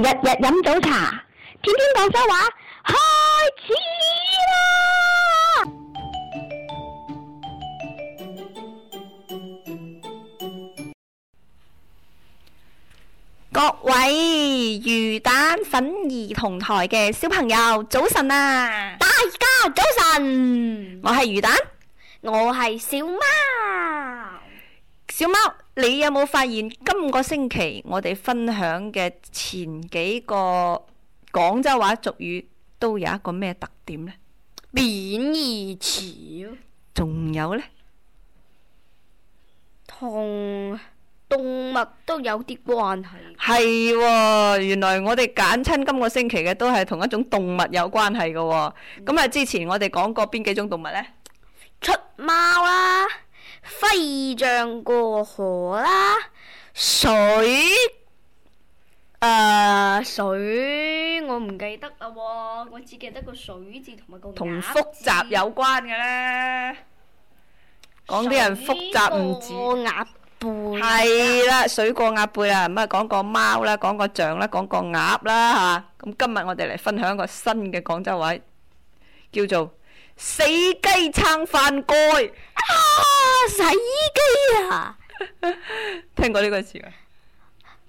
日日飲早茶，天天廣州話，開始啦！各位魚蛋粉兒童台嘅小朋友，早晨啊！大家早晨，我係魚蛋，我係小媽。小貓，你有冇發現今個星期我哋分享嘅前幾個廣州話俗語都有一個咩特點呢？貶義詞。仲有呢？同動物都有啲關係。係喎、哦，原來我哋揀親今個星期嘅都係同一種動物有關係嘅喎。咁啊、嗯，之前我哋講過邊幾種動物呢？出貓啦。飛象過河啦，水，誒，水我唔記得啦喎，我只記得個水字同埋個鴨字。同複雜有關嘅啦，講啲人複雜唔止。水過鴨背？係啦，水過鴨背啊，咁啊，講個貓啦，講個象啦，講個鴨啦，吓，咁今日我哋嚟分享一個新嘅廣州話，叫做死雞撐飯蓋。啊！死雞啊， 聽過呢個詞啊？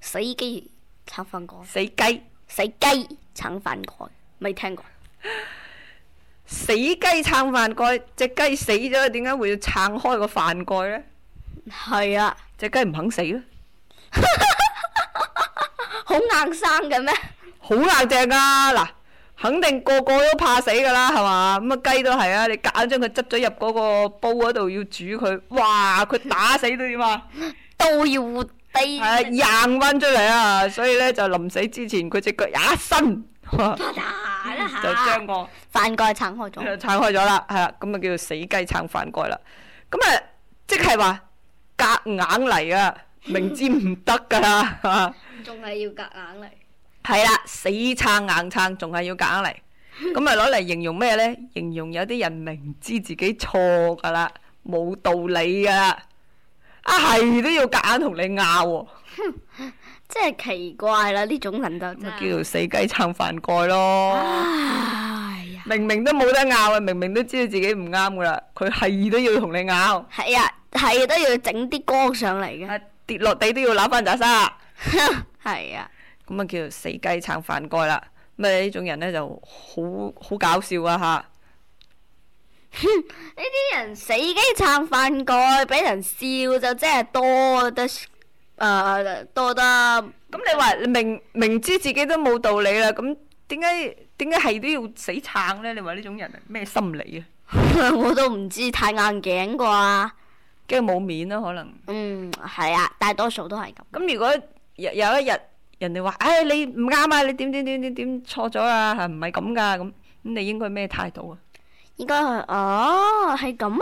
死雞撐飯蓋。死雞雞。死雞撐飯蓋，未聽過。 死雞撐飯蓋，隻雞死咗，點解會要撐開個飯蓋呢？係啊。隻雞唔肯死咯。 好硬生嘅咩？好硬淨啊嗱。肯定個個都怕死噶啦，係嘛？咁、嗯、啊雞都係啊，你夾硬將佢執咗入嗰個煲嗰度要煮佢，哇！佢打死都點 啊？都要活低。係啊，掹翻出嚟啊！所以咧就臨死之前佢隻腳一伸， 嗯、 就將個飯蓋撐開咗。撐開咗啦，係啦，咁啊叫做死雞撐飯蓋啦。咁 啊， 即係話夾硬嚟啊，明知唔得噶仲係要夾硬嚟，係啦，死撐硬撐，仲係要夾硬嚟，咁啊攞嚟形容咩呢？形容有啲人明知自己錯噶啦，冇道理噶，啊係都要夾硬同你拗，喔，真係奇怪啦！呢 種人，就是，就叫做死雞撐飯蓋咯，呀明明都冇得拗，明明都知道自己唔啱噶啦，佢係都要同你拗。係啊，係都要整啲光上嚟嘅。跌落地都要攬翻揸沙。係啊。 咁啊，叫做死雞撐飯蓋啦，咪呢種人咧就好好搞笑啊吓！呢啲 人死雞撐飯蓋，俾人笑就真係多得，誒、呃、多得。咁你話明明知自己都冇道理啦，咁點解點解係都要死撐呢？你話呢種人係咩心理啊？ 我都唔知，太硬頸啩，驚冇面啦，可能。嗯，係啊，大多數都係咁。咁如果有一日。人哋話，唉、哎，你唔啱啊！你點點點點點錯咗啊，係唔係咁噶，咁咁你應該咩態度啊？應該係哦，係咁咩？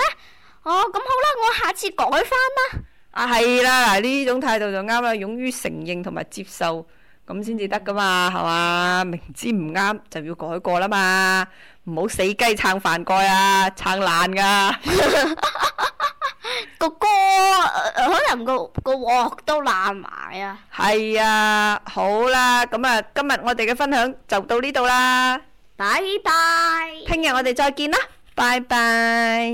哦，咁、哦、好啦，我下次改翻啦。啊，係啦、啊，嗱呢種態度就啱啦，勇於承認同埋接受，咁先至得噶嘛，係嘛？明知唔啱就要改過啦嘛，唔好死雞撐飯蓋啊，撐爛噶。 個鍋、呃、可能個個鑊都爛埋啊！係啊，好啦，咁、嗯、啊，今日我哋嘅分享就到呢度啦，拜拜，聽日我哋再見啦，拜拜。